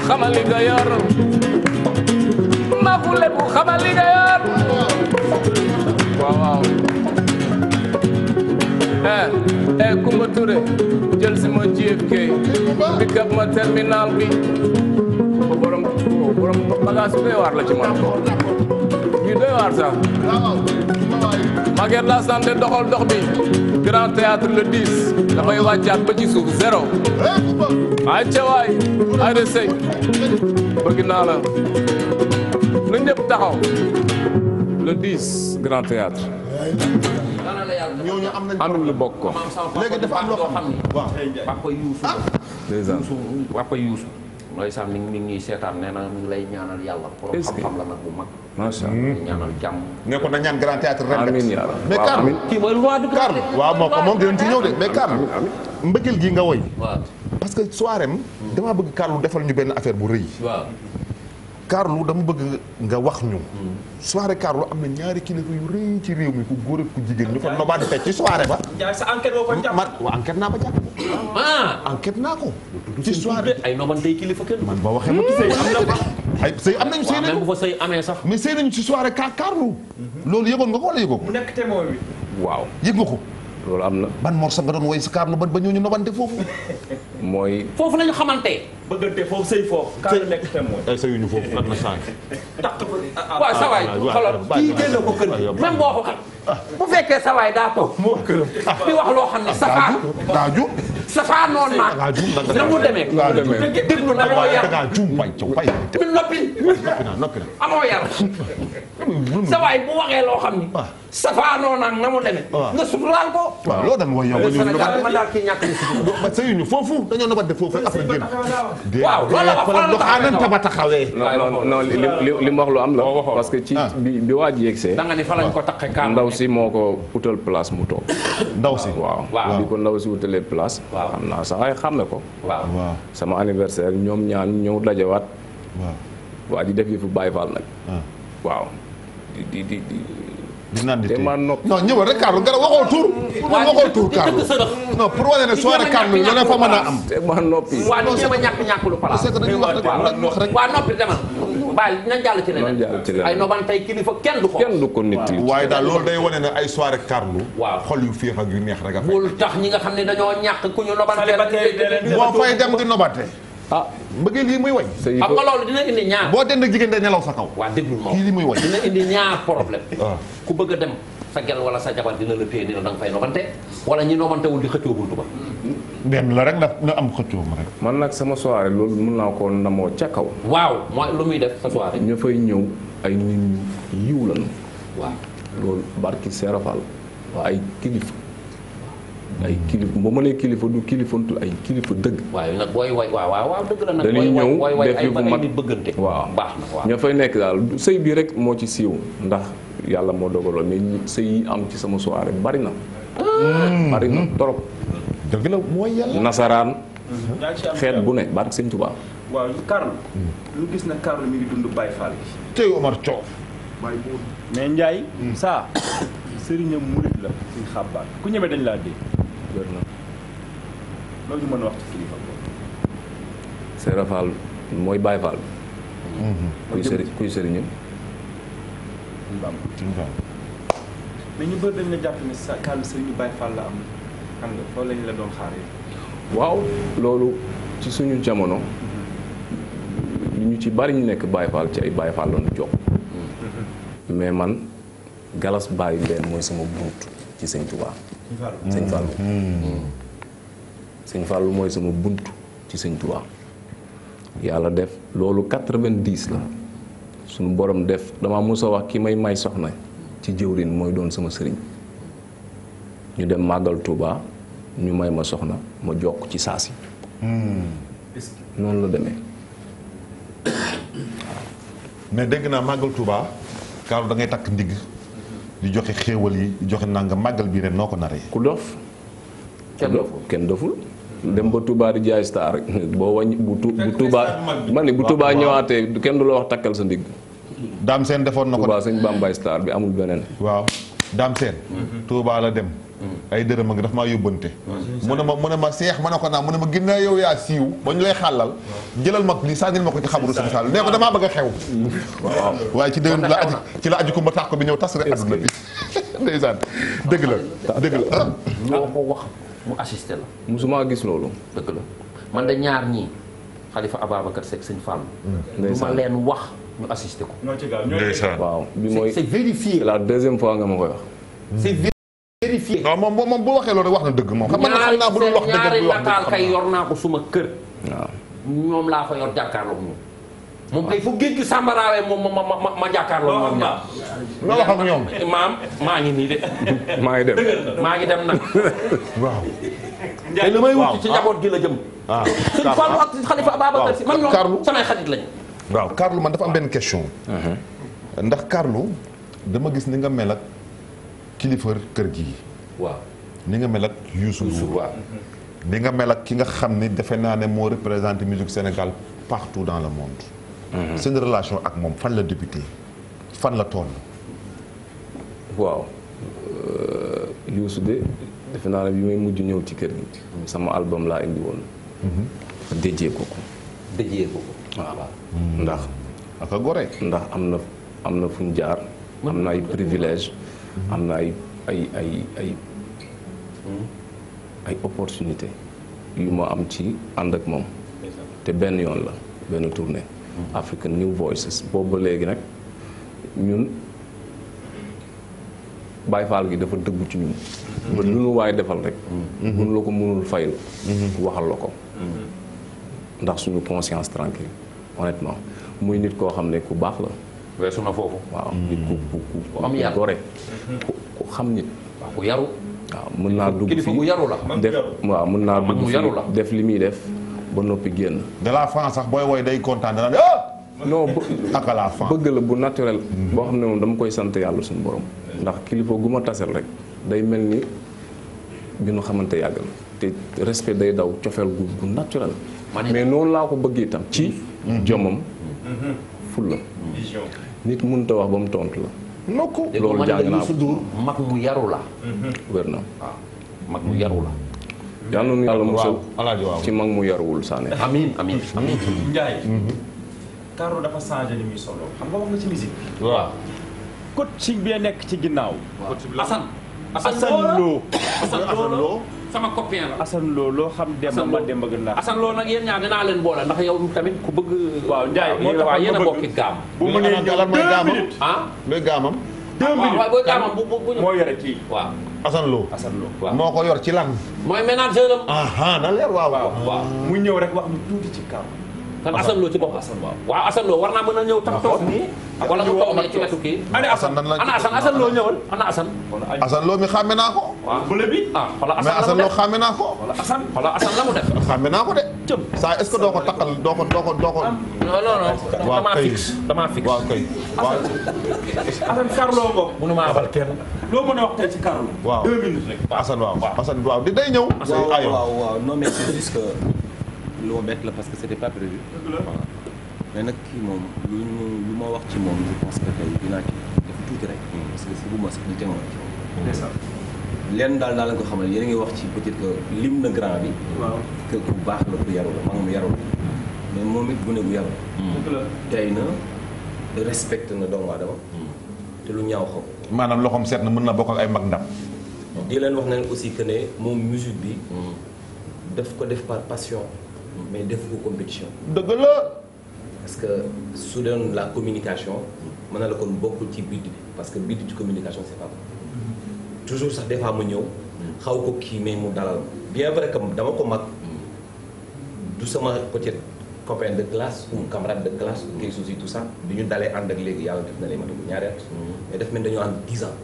xamal li nga yor ma ku lebu xamal li nga yor waaw waaw eh eh Kumba Touré jël si ma GFK pick up ma terminal bi ba borom borom bagage doy waar la ci man ko ñu doy waar sax Maguette la santé doxal dox bi Grand Théâtre le 10 damay wàccaat ba ci suuf zéro acca waay ada sëy bëgg naa la na ñëpp taxaw le 10 grand théâtre ñooñu am nañu lu bokk ko léegi dafa am loo xam ne waaw papa seetaan nee na mi ngi lay ñaanal yàlla borom macha allah hmm. na ñaan grand théâtre mais Kaar kii mooy roi waaw moo ko moom dinañ ci ñëw de mais Kaar mbëggeel gi nga woy parce que soirée damaa bëgg Kaarlu defal ñu benn affaire bu rëy. waaw Kaarlu dama bëgg nga wax ñu. Hmm. soirée Kaarlu am na ñaari kilifa yu rëy ci réew mi ku góor ak ku jigéen ñu fa nobaat fecc ci soirée ba. man waaw naa ba jàpp. Ah. kilifa kenn. man boo waxee ma tuddee am na ay sëy am nañu sëy nañu même bu fa sëy amee sax. mais sëy nañu ci soirée Kaarlo. loolu yëgoon nga ko wala yëgoo ko. mu nekk témoin bi. waaw yëg nga ko. loolu am na. ban morceau nga doon woy si Kaarlo ba ba ñooñu nobante foofu. mooy. foofu la ñu xamante. bëggante foofu sëy foofu. Kaarlo nekk témoin. ay sëyuñu foofu am na sànq. takk ah, sa waay xoolal kii génn ko kër gi même boo ko ah. fekkee sa waay daa toog moo këram. di wax loo xam ne sa safaanoon naa na mu demee dégg déglu na amoo yar bi noppi amoo yar sa loo xam ni safaanoon na mu demee nga suturaal ko loo daan wax yow ñu sutura sëyuñu foofu dañoo nabante foofu après génn waaw loolu doxaanante ba taxawee non non li mu wax lu parce que ci ah. bi waa ji yegsee da nga ni fa lañ ko taqe kaa ndaw si moo ko utal place mu toog ndaw si waaw bi ko ndaw si utalee place waaw xam naa sax ay xam ne ko. waaw sama anniversaire ñoom ñaan ñëw dajawaat. waaw waa ji def yi fu Baay Faal nag. Ah. waaw di di di. dinaa nit tey non ñëwal rek Carlou nga waxoo tur. waxoo tur Carlou non pour ne soirée Carlou lu ne fa mën a am. te ma noppi. waaw li ma ñàkk ñàkk lu palaas. kenn du ko. kenn du waaye daal lool day wane ne ay soirée Carlou. waaw xol yu féex ak yu neex rek a. bul tax ñi nga xam ne dañoo ñàkk ku ñu nobante. moo fay dem ah bëggee lii muy way. xam nga loolu dina indi ñaar boo dend jigéen day nelaw sa kaw. waa déglu ma muy way dina indi ñaar problème. Ah. ku bëgg a dem sa gel wala sa jabar dina la téye dina da nga fay nobante wala ñi nobantewul di xëccoo buntu ba. dem la rek na am xëccoo ma rek. man nag sama soirée loolu mun naa koo namoo ca kaw. waaw mooy lu muy def sa soirée. ñu ñëw ay nit yiw lañu. waaw loolu barki Serapal ay kilifa. ay kilifa bu ma nee kilifa du kilifantu ay kilifa dëgg. waaw nag booy way waaw waaw dëgg ñëw def yu bu mat bëggante. waaw baax na waaw ña fay nekk daal sëy bii rek moo ci siiw ndax yàlla moo dogaloon mais sëy yi am ci sama soirée bari na. Hmm. bari na hmm. trop. nasaraan. Mhm. xeet bu ne barke Sëñ Tuubaa. waaw Karl. Hmm. lu gis mais Ndiaye. saa sëriñam murit la suñu xàbbaat ku ñeme dañ laa dee. wér na loolu mën wax ci kilifa boobu. Serap mooy Baye Fall. Mm-hmm. kuy sëri kuy sëriñam. mais ñu bëri dañ la jàpp ne sa kàll sëriñu Baye la am xam nga foofu lañ la doon xaaree. waaw loolu ci suñu jamono. Mm-hmm. ñu ci bari ñu nekk Baye Fall ci ay Baye Fall lañu jox. Mm-hmm. mais man galas Baye Mbène mooy sama bunt ci Sëñ Tuubaa. sëñ Fallou mm. mm. sëñ Fallou mooy sama bunt ci sëñ Tuubaa yàlla def loolu quatre-vingt-dix la suñu borom def dama musa wax ki may may soxna ci jëwrin mooy doon sama sëriñ ñu dem màggal Tuubaa ñu may ma soxna ma jokk ci saa si mm. noonu la deme mais dégg naa màggal Tuubaa kaaru da ngay takk ndigg di joxe xéewal yi joxe nanga màggal bi ren noo ko naree. ku dof. kenn doful dem ba Touba di jaay star rek boo wàññi bu tubaa bu Touba bu Touba ñëwaatee kenn du la wax takkal sa ndigg. daam seen defoon na ko Touba sëñ Bambaye star bi amul beneen. waaw daam seen. Mm-hmm. Touba la dem. ay dërëm a ngi daf maa yóbbante mu ne ma mu ne ma seex ma ne ko naa mu ne ma ginnaaw yow yaa siiw ba ñu lay xàllal jëlal ma lii sànnil ma ko ci xabaru sama sall nee a xew waaw waaye ci la aji ci la ma tax ko bi ñëw tas rek adduna bi la dëgg la loo ko wax mu assisté la musuma gis loolu dëgg la man da ñaar ñii xalifa Ababacar Seck sëñ Fall mm. du ma leen wax ñu assisté ko ndeysaan la deuxième fois nga ma koy wax vérifié non moom moom waxee loolu wax na dëgg moom. xam nga xam naa bu dul wax dëgg ñaari nataal kay yor naa ko suma kër. ñoom laa fa yor jàkkaarloog moom. moom ma ma ma eh, maa ngi maa ngi dem maa ngi dem nag. waaw. te li may wut ci njaboot gi la jëm. waaw ah. sëñ Fallou ak Khalifa Ababacar Si man ñoom samay xarit lañu. waaw Carlou man dafa am benn question. Uh-huh. ndax Carlou dama gis ni nga mel kilifar kër gi. waaw ni nga mel ak Youssou Ndour waaw ni nga mel ak ki nga xam ne defe naa ne moo représenté musique Sénégal partout dans le monde. Mhm. seen relation ak moom fan la débuté fan la toll. waaw euh, Youssou bi defe naa ne bi may mujj ñëw ci kër gi. sama album laa indi woon. Mhm. déjee ko ko. déjee ko ko ndax. ak gore. ndax am na na fu ñu jaar. am na ay privilèges. am na ay ay ay ay ay opportunité yu ma am ci ànd ak moom te benn yoon la benn tournée African New Voices boobu ba léegi nag ñun Baye Fall gi dafa dëgg ci ñun ba lu nu waaye defal rek mënu la ko mënul fayal waxal la ko ndax suñu conscience tranquille honnêtement muy nit koo xam ne ku baax la weesu na foofu. waaw mm. nit ku ku ku am yar gore ku xam nit. waaw ku yaru. waaw mën naa dugg fii ku yaru la. def waaw mën naa dugg fii def li muy def ba noppi génn. de la France sax booy woy day kontaan dana ne ah. non ak la France bëgg la bu naturel. Mm. boo xam ne moom dama koy sant yàlla suñu borom. ndax kilifa gu ma tasel rek day mel ni bi nu xamante yàgg la te respect day daw cofeel gu gu naturel. mais noonu laa ko bëgg itam ci. Mm. jomam. Mm-hmm. fulla nit mënut a wax ba mu tontu la. mokk loolu jàng naa ko mag mu yaru la. Mm-hmm. wér na waaw ah, mu yaru la. yal na nu yàlla musal ci mag mu yaruwul Sané. amiin amiin amiin. Mm-hmm. Ndiaye. Caro mm-hmm. dafa changé li muy solo xam nga ci bi. waaw. nekk ci ginnaaw. waaw Assane. Assane Lo Assane sama copain la. Assane Lo loo xam Demba ma Demba gën laa. Assane Lo nag yéen ñaar dinaa leen boole ndax yow tamit ku bëgg. waaw Ndiaye moo tax yéen a bokki gaam. bu mu nee muy gaamam. deux gaamam bu bu moo ko yor ci lan. mooy ménageur am. ah na leer waaw waaw. mu ñëw rek wax mu tuuti ci kaw. kan Assane ci bopp Assane waaw waaw Assane Lo war naa mën a ñëw tam toog nii wala mu toog ci wetu kii ana Assane ana mi xàmme naa ko waaw bële bi ah xoolal Assane mais Assane loo xàmme naa ko. xoolal Assane xoolal Assane la mu def. xàmme naa ko de. jëm saa est-ce que doo ko takkal doo ko doo ko doo ko. Ah, non non non damaa fixe damaa fixe waaw kay waaw kay. Assane Carlo Ngom. mënu maa abal kenn. loo mën a wax tey ci Carlo. waaw deux minutes rek. Assane waaw Assane waaw di day ñëw. Assane waaw waaw waaw non mais c'est juste que lu ma bett la parce que c'était pas prévu. mais nag kii moom lu ñu lu ma wax ci moom je pense que tey dinaa ci def tuuti rek. Hmm. parce que si bu ma sax di témoin. lenn daal naa la ko xamal yéen a ngi wax ci peut-être que lim na grand bi. waaw que ku baax la ku yaru la maa ngi yaru la mais moom it gune gu yaru. tey na respecté na doomu aadama. te lu ñaaw xam. maanaam loxoom seet na mën na bokk ak ay mag ndam. di leen wax nañ aussi que ne moom musique bi. Hmm. daf ko def par passion. mais def ko compétition. dëgg la. parce que su doon la communication. mën na la kon bokkul ci bid bi parce que bid ci communication c'est pas toujours sax des fois ma ñëw. xaw ko kii mais mu dalal bien vrai que dama ko mag. du sama peut-être de classe ou camarade de classe ou quelque chose tout ça. bi ñu dalee ànd ak léegi yàlla def na lay matul ñaari at. mais daf mel dañoo ànd dix ans.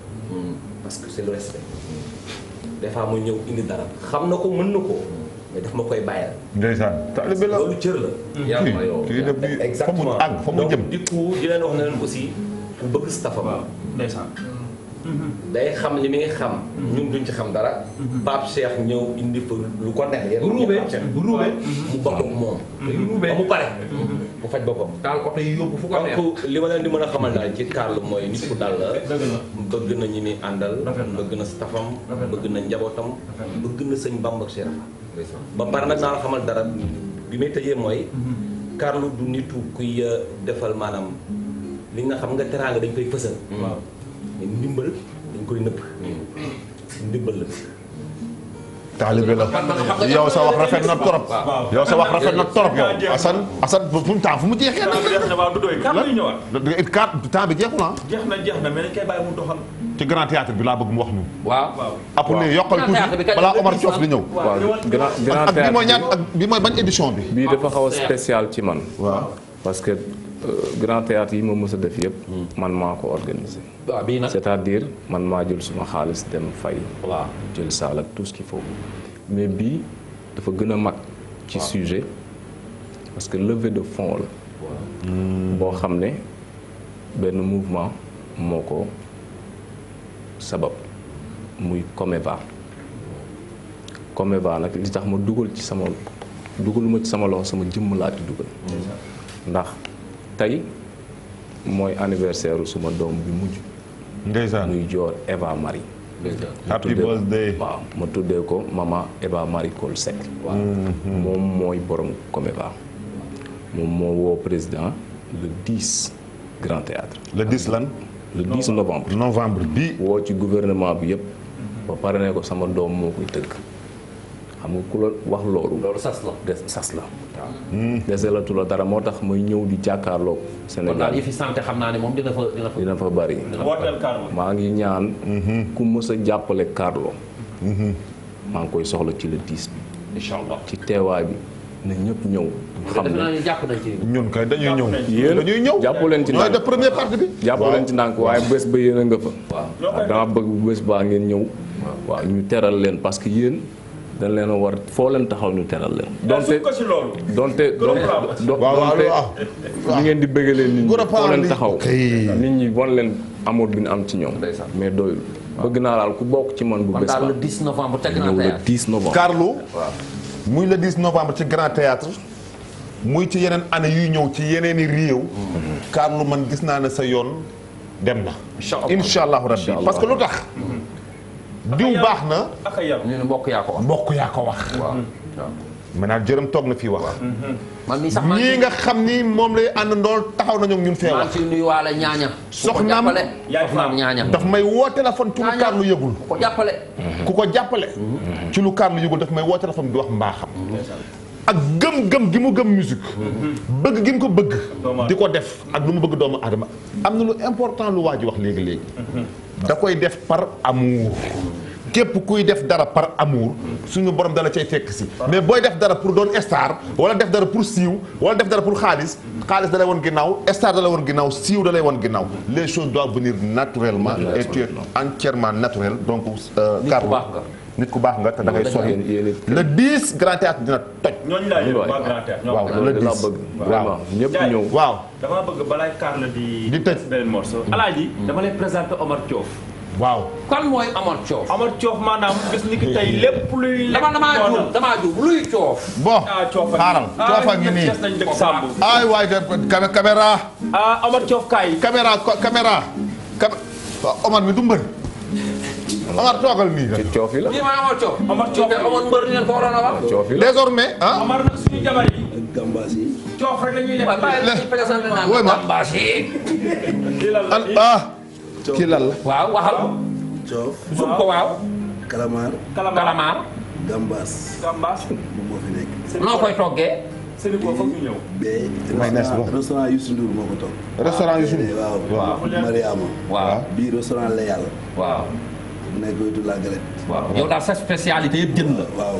parce que c'est des fois mu ñëw indi xam na ko mën na ko. mais ma koy bàyyal. ndeysaan taalibe la loolu cër la. yaa ngi yow exactement fa mu àgg fa mu jëm. di ko di leen wax ne leen aussi ku bëgg stafam. ndeysaan. day xam li muy xam. ñun duñ ci xam dara. Pape Cheikh ñëw indi fa lu ko neex yéen. bu ruubee bu ruubee mu bokk ko neex. donc li ma leen mën a xamal daal ci Carlou mooy nit ku dal la. bëgg na ñi muy àndal. bëgg na stafam. bëgg na njabootam. bëgg na sëñ Bamba ak Cheikh. ba pare nag naa la xamal dara bi may tëjee mooy. Carlou mhm. du nitu kuy euh, defal maanaam li nga xam nga teraanga dañ koy fësal. mais ndimbal dañ koy nëbb ndimbal la taalibe la yow sa wax rafet na trop yow sa wax rafet na trop yow Assane Assane fu mu temps fu mu jeexee na. jeex na waaw du doy kan lay ñëwaat. it kat temps bi jeexul ah. jeex na jeex na mais dañ koy bàyyi mu doxal. ci grand théâtre bi laa bëgg mu wax ñu. waaw waaw après ñu yokkal tuuti balaa Omar Diouf di ñëw. waaw grand grand théâtre bi ak bi mooy ñaar ak bi mooy ban édition bi. bii dafa xaw a spécial ci man. waaw parce que. Euh, grand théâtre yi ma mës def yëpp. Hmm. man maa ko organisé. waaw bii nag c'est-à-dire man maa jël suma xaalis dem fay. waaw jël saal ak tout ce faut. mais bii dafa gën a mag. ci sujet parce que levée de fonds la. Hmm. boo xam ne benn mouvement moo ko sabab muy Comeva. Comeva nag li tax ma dugal ci sama dugaluma ci sama loxo sama jëmm laa ci dugal. Hmm. ndax. tey mooy anniversaire suma doom bi mujj. ndeysaan muy joor Eva Marie. ma tuddee ko mama Eva Marie Coll Seck. Mhm. moom mooy borom Comeva moom moo woo président le 10 grand théâtre le 10 lan. le 10 novembre novembre bi. woo ci gouvernement bi yëpp. ba pare ne ko sama doom moo koy tëgg xam nga ku la wax loolu. loolu sas la sas la. Hmm. deseelatul dara moo tax muy ñëw di jàkkaarloo Sénégal kon daal fi santé xam naa ne moom dina fa dina fa. bari. maa ngi ñaan. Hmm. ku mës a jàppale Carlou. Hmm. maa ngi koy soxla ci le 10 bi. incha allah ci teewaay bi. na ñëpp ñëw. xam ne jàpp nañ ci ñun kay dañuy ñëw. yéen dañuy ñëw jàpp leen ci ndànk waaye bés ba yéen a nga fa. dama bëgg bés baa ngeen ñëw. waaw ñu teral leen parce que dañ leen a war foo leen taxaw ñu teral leen. Ah, donte donte donte waaw ah. ngeen di bëggalee nit ñi foo leen taxaw nit ñi wan leen amour bi ñu am ci ñoom. mais doyul bëgg naa daal ku bokk ci man. bu bés ba le 10 novembre teg na le 10 novembre. Carlou muy le 10 novembre ci Grand Théâtre muy ci yeneen année yuy ñëw ci yeneeni réew. Mhm. Carlou man gis naa ne sa yoon dem na. incha allahu rabbi parce que lu tax. Mhm. diw baax na. mbokk yaa ko wax mbokk yaa ko wax. waaw maanaam jërëm toog na fii wax. man mii sax ñii nga xam ni moom lay ànd ndool taxaw nañu ñun fee wax. maa nuyu waale ñaaña. soxnaam soxnaam ñaaña. daf may woo téléphone ci lu kaar lu yëgul. ku ko jàppale. ci lu kaar lu yëgul daf may woo téléphone di wax mbaaxam. ak gëm-gëm gi mu gëm musique bëgg gi mu ko bëgg. di ko def ak lu mu bëgg doomu aadama am na lu important lu waa ji wax léegi léegi. da koy def par amour képp kuy def dara par amour suñu borom dala cay fekk si mais booy def dara pour doon star wala def dara pour siiw wala def dara pour xaalis xaalis dalay woon ginnaaw star dalay woon ginnaaw siiw dalay woon ginnaaw le choses doivent venir naturellement tu es entièrement naturel donc euh, Carlo nit ku baax nga te da ngay sori le 10 grand théâtre dina toj. ñooñu laa yëngu waa grand théâtre waaw le 10 waaw ñëpp ñëw waaw. di. dama lay présenter Omar Diouf. waaw mooy Omar Diouf. Omar Diouf maanaam gis ni ki tey lépp luy. lekk dama damaa juum damaa juum bon ah, xaaral Diouf ah, ah, Omar mi du Omar toogal nii. ci coof yi la nii maa amoon coof. Omar coof yi amoon mbër ñu leen ko waroon a wax. coof yi la désormais ah. Omar nag suñu jabar yi. gambaas yi. coof rek la ñuy def. waaw bàyyi la ñuy présenté naan gambaas yi. kii lan la ah. kii lan la. waaw waxal. coof suuf ko waaw. kalamaar. kalamaar. gambaas. gambaas. moom moo fi nekk. noo koy toggee. sëñ bi foofu ñu ñëw. mais restaurant Youssou Ndour moo ko toog. restaurant Youssou Ndour waaw. waaw Mariama. waaw bii restaurant la yàlla. waaw. nay goytu waaw yow daal sa spécialité yëpp jën la. waaw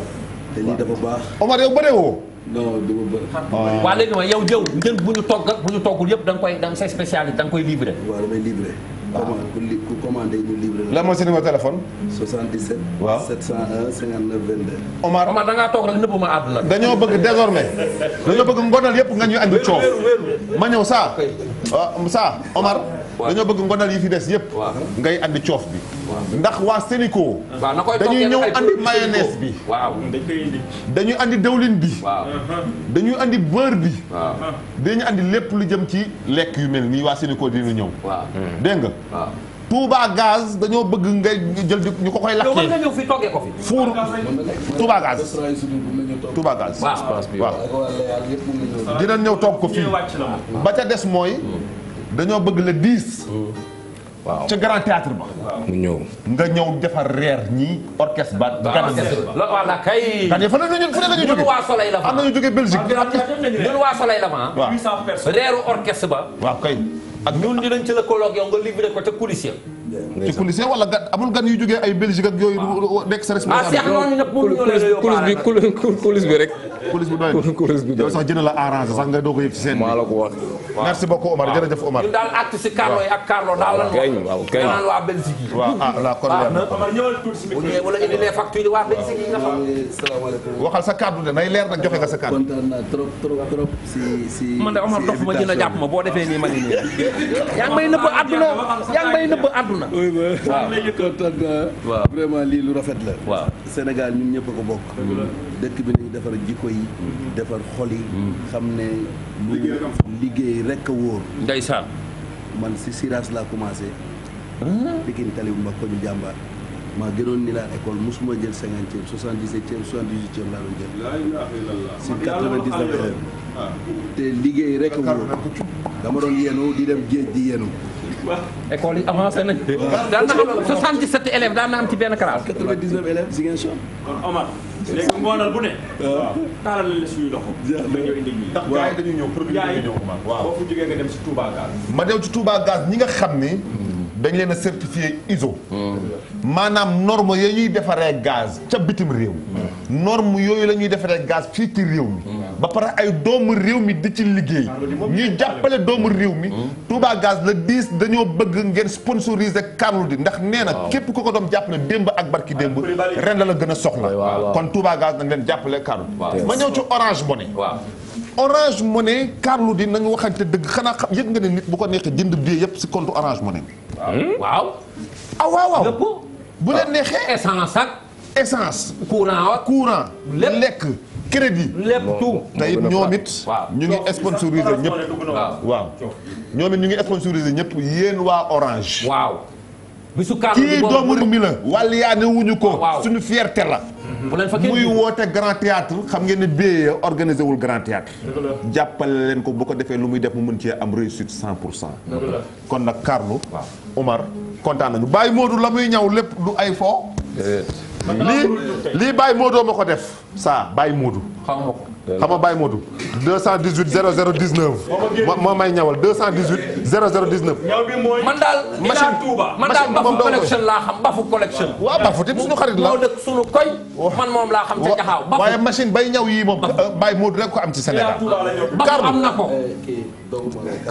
te lii dafa baax. Omar yow bëree woo. non du ma bëri. Ah. waaw léegi jëw njën bu ñu togg ak bu ñu toggul yëpp da nga koy da nga say spécialité da koy livré. waaw damay livré. waaw commande ku commandé ñu livré la. lan mooy sa numéro téléphone. 77. waaw 701 59 Omar Omar da ngaa toog rek nëbbu ma àdduna. dañoo bëgg désormais dañoo bëgg ngonal yëpp nga ñuy andi coow. ma ñëw saa. waaw ah, saa Omar. dañoo bëgg ngonal yi fi des yëpp. ngay andi coof bi. ndax waa Sénico. dañuy ñëw andi mayonnaise bi. Mm, dañuy andi dawlin bi. dañuy andi beurre bi. dañuy andi lépp lu jëm ci lekk yu mel nii waa Sénico dina ñëw. dégg nga. Touba gaz dañoo bëgg ngay jël di ñu ko koy lakkee. nga ñëw fi toggee ko fi. fuur Touba gaz. Touba gaz. waaw dina ñëw toog ko fii. ba ca des mooy. Mm. dañoo bëgg la 10. waaw ca grand théâtre ba. mu ñëw. nga ñëw defar reer ñii orchestre ba. waaw waaw la kay. kan fa fan la ñun fu ne la ñu jógee ñun waa Soleil la fa. am na ñu jógee Belgique. ñun waa Soleil la fa. waaw reeru orchestre ba. waaw kay. ak ñun dinañ ci lëkkaloo ak yow nga livré ko te coulisse ci coulisse wala gan amul gan yu jógee ay Belgique ak yooyu. nekk sa responsable. coulisse ah, bi coulisse bi rek. coulisse bi doy na coulisse bi doy na sax jënd la arrange sax nga doo ko yëg ci seen bi. maa la ko wax. merci beaucoup Omar jërëjëf Omar. ñu daal àtt si Carlo yi ak Carlo daal lan. waaw kay waaw waa Belgique yi. waaw ah la kon leer na. wala indi les factures yi waa Belgique yi nga xam. salaamaaleykum. waxal sa kàddu de nay leer nag joxe nga sa kàddu. kontaan naa trop trop trop si si. man de Omar dox ma jënd jàpp ma boo defee nii ma ngi nii. yaa ngi may nëbb àdduna yaa ngi may nëbb àdduna na. Euh, waaw vraiment lii lu rafet la. waaw Sénégal ñun ñëpp a ko bokk. dëkk bi nañu defar jikko yi. Mm. defar xol yi. Mm. xam ne lu liggéey rek a wóor. ndeysaan. man si Siras laa commencé. Ah. Pikine tali bu mag ko ñu jàmbaar. maa gënoon ni laa école mosuma jël cinquantième soixante-dix-septième soixante-dix-huitième laa doon jël. si quatre-vingt-dix-neuf heures. te liggéey rek a wóor. dama doon yéenu di dem géej di yéenu. école yi avancé nañ. daan na am 67 élèves daan na am ci benn classe. 99 élèves Ziguinchor. kon Omar. léegi ngoonal bu ne. Euh. waaw taalal la suñu loxo. ndax gars yi dañuy ñëw produit yi dañuy ñëw waaw boo fu jógee nga dem ci Touba Gaz. ma dem ci Touba Gaz ñi nga xam ni. Hmm. dañ leen a certifié ISO. Hmm. maanaam norme yooyu ñuy defaree gaz ca bitim réew. Hmm. norme yooyu la ñuy defaree gaz fii ci réew mi. ba pare ay doomu réew mi di ci liggéey ah, ñuy jàppale doomu réew mi hmm. Touba Gaz la diis dañoo bëgg ngeen sponsoriser Carlou D ndax nee na képp ku ko doom jàpp na démb ak barki démb ah, ren la la gën a soxla kon Touba Gaz nañ leen jàppale Carlou D ma ñëw ci Orange Money Orange Money na D nañu waxante dëgg xanaa xam yëg nga ne nit bu ko neexee jënd bi yëpp si compte Orange Money hmm? waaw ah waaw waaw bu leen neexee essence ak essence courant courant lekk crédit. lépp tout te ñoom it. ñu ngi sponsorisé ñëpp. waaw ñoom ñu ngi sponsorisé ñëpp yéen waa orange. waaw. bisu kàddu gi boobu kii doomu mi la. wàll wuñu ko. suñu fierté la. muy woote grand théâtre xam ngeen ne BIE organisé wul grand théâtre jàppale leen ko bu ko defee lu muy def mu mën cee am réussite cent pour cent kon nag Carlou Omar kontaan nañu bàyyi Modou la muy ñaw lépp du ay fo lii lii baay Modou ma ko def saa Baye Modou. xam nga xam nga Baye Modou. 218 0019. moo may ñawal 218 0019. ñaw bi mooy man daal. machine man daal bafu collection laa xam bafu collection. waaw bafu tamit suñu xarit la moo dëkk suñu koy. Oh. man moom laa waaye machine bay ñaw yii moom Baye Modou rek ko am ci Sénégal. bafu am na ko. Eh,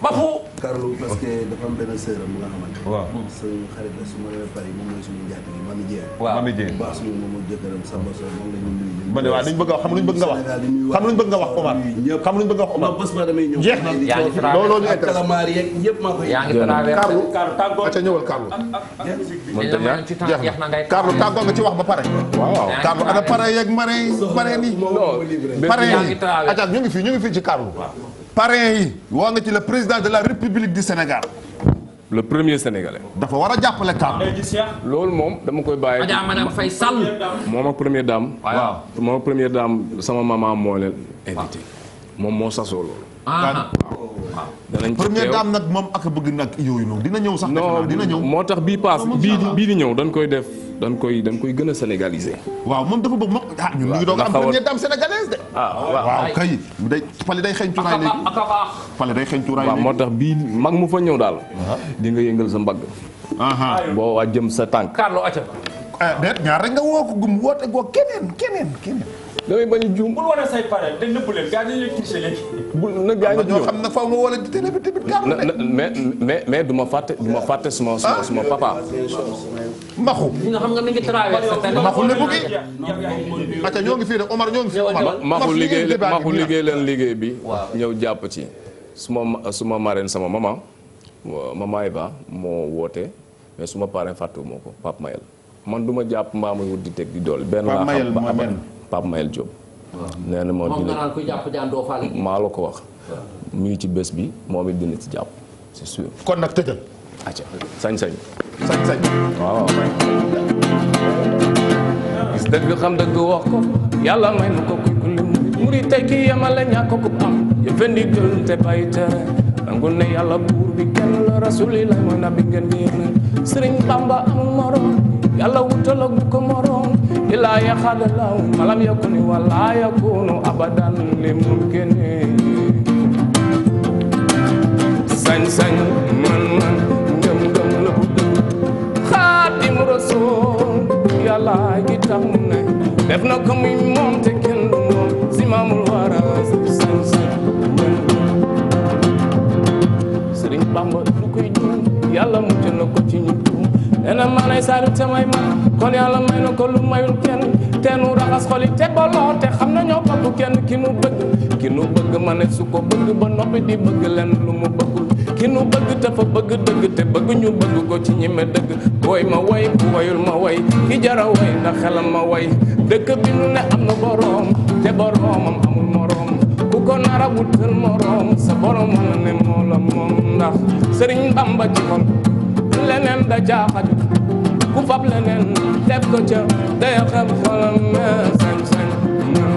Mapu. Carlo parce que dafa am benn sœur am nga xamante. waaw suñu xarit la su ma demee Paris moom mooy suñu njaat yi Mami Dieng. waaw Mami Dieng waaw suñu moom mooy jëkkëram Samba Sow moom la ñu nuyu. ma ne waaw dañu bëgg a wax xam luñu bëgg nga wax xam luñu bëgg nga wax Omar xam luñu bëgg nga wax Omar. non bés ba damay ñëw. jeex na yaa ngi traversé looloo ñu intéressé ak kalamaar yeeg yëpp maa koy. yaa ngi traversé Carlo tàggoo nga ca ñëwal Carlo. jeex na Carlo tàggoo nga ci wax ba pare. waaw Carlo ana pare yeeg mare mare nii. non pare yi ñu ngi fii ñu ngi fii ci Carlo parrain yi woo nga ci le président de la république di Sénégal. le premier sénégalais. dafa war a jàppale Kaam. loolu moom dama koy bàyyi. Adja madame Sall. moom ak première dame. waaw moom sama maman moo leen. invité moom moo sasoo loolu. ah, ah. danañ ci première dame nag moom ak bëgg nag yooyu noonu dina ñëw sax. dina ñëw moo tax bii paas bii bii di ñëw dañ koy def. dañ koy dañ koy gën a sénégaliser. waaw moom dafa bëgg moom ah ñun ñu ngi doog am première dame sénégalaise de. ah waaw kay day Fale day xeeñ cuuraay léegi Fale day xeeñ cuuraay léegi. moo tax bii mag mu fa ñëw daal. di nga yëngal sa mbagg. boo waa jëm sa tànk. Carlo Acha. ah rek nga woo ko gum woote goo keneen keneen keneen. damay bañ a juum. bul wane say pare na gars mais mais mais du fàtte du ma fàtte suma suma ah. suma papa. Maxu. Maxu ñoo fii nag Omar ñoo liggéey Maxu liggéey leen liggéey bi. ñëw jàpp ci. suma suma marraine sama mama maman Eva moo woote mais suma parrain fàttewu moo ko Pape Mayel man duma jàpp mbaa muy wut di teg di dool benn laa xam ba Pape Mayel Diop. nee na dina maa la ko wax. mu ngi ci bés bi moo it dina ci jàpp c'est sûr. kon nag tëjal. acca sañ-sañ. sañ-sañ. waaw gis dëgg ko yàlla may nu ko kuy muri tey ki yemale ñàkk ko am jëfandikoo te bàyyi tere nangu ne yàlla buur bi kenn la rasulilah mooy nabi ngeen di yéen sëriñ Bamba am morom yàlla wutal ak ko morom ilaa yaxaada law malam yakuni wala yakunu abadan li mumkini sañ-sañ man-man ngëm-ngëm la bu dëgg xaatim rasool yàlla gi tax mu ne def na ko muy moom te kenn du moom si maamul wara sañ-sañ man-man sëriñ Bamba du koy jum yàlla mucc na ko ci ñu nee na maanay saalu te may ma kon yàlla may na ko lu mayul kenn te nu raxas xol yi te baloo te xam na ñoo bokk kenn ki nu bëgg ki nu bëgg ma ne su ko bëgg ba noppi di bëgg lenn lu mu bëggul ki nu bëgg te fa bëgg dëgg te bëgg ñu bëgg ko ci ñime dëgg woy ma woy bu woyul ma woy ki jara woy ndax xelam ma woy dëkk bi nu ne am na boroom te boroomam amul moroom ku ko nara wutal moroom sa boroom wala ne moo la moom ndax sëriñ Bamba ci leneen da caa xaju ku fab leneen teg ko ca day xam xolam sañ-sañ ngëm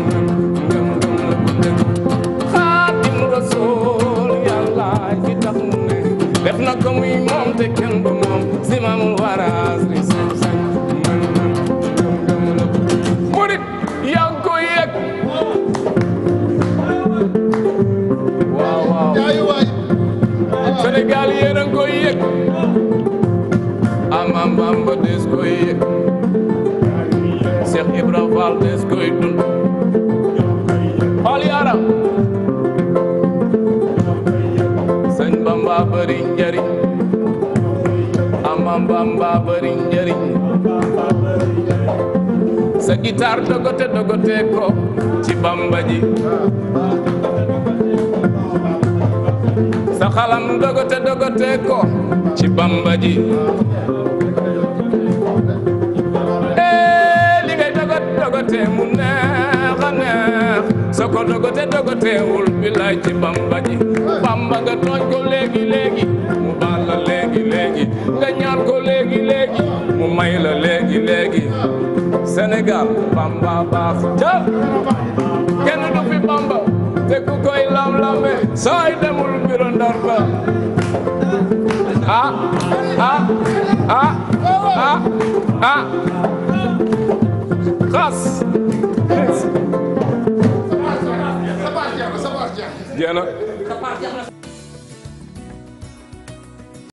ngëm ngëm ngëm xaatim rasul yàlla fi tax mu ne def na ko muy moom te kenn du moom si maamul waraas ri sañ-sañ ngëm ngëm ngëm ngëm la murit yaa ngi koy yëg waaw waaw Sénégal yéen a ngi koy yëg maam Bamba des sa guitare dogote dogote ko ci Bamba sa xalam dogote dogote ko ci Bamba dogote mu neex a neex soo ko dogote dogoteewul bilaay ci bamba bamba nga tooñ ko léegi léegi mu baal la léegi léegi nga ñaan ko léegi léegi mu may la léegi léegi Sénégal bamba baax ja kenn du bamba te koy lam-lame sooy demul biro ndar ba ah ah ah, ah, ah. jeex na